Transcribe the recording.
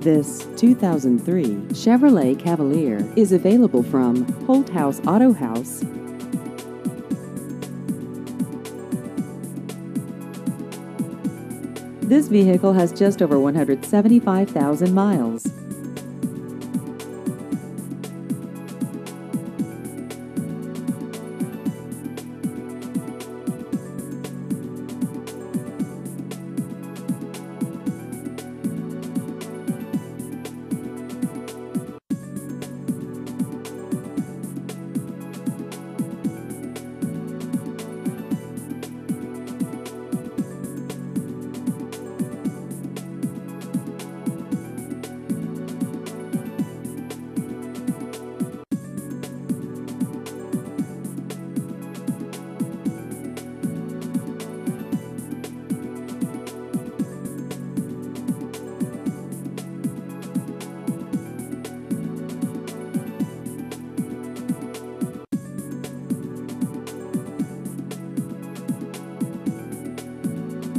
This 2003 Chevrolet Cavalier is available from Holt House Auto House. This vehicle has just over 175,000 miles.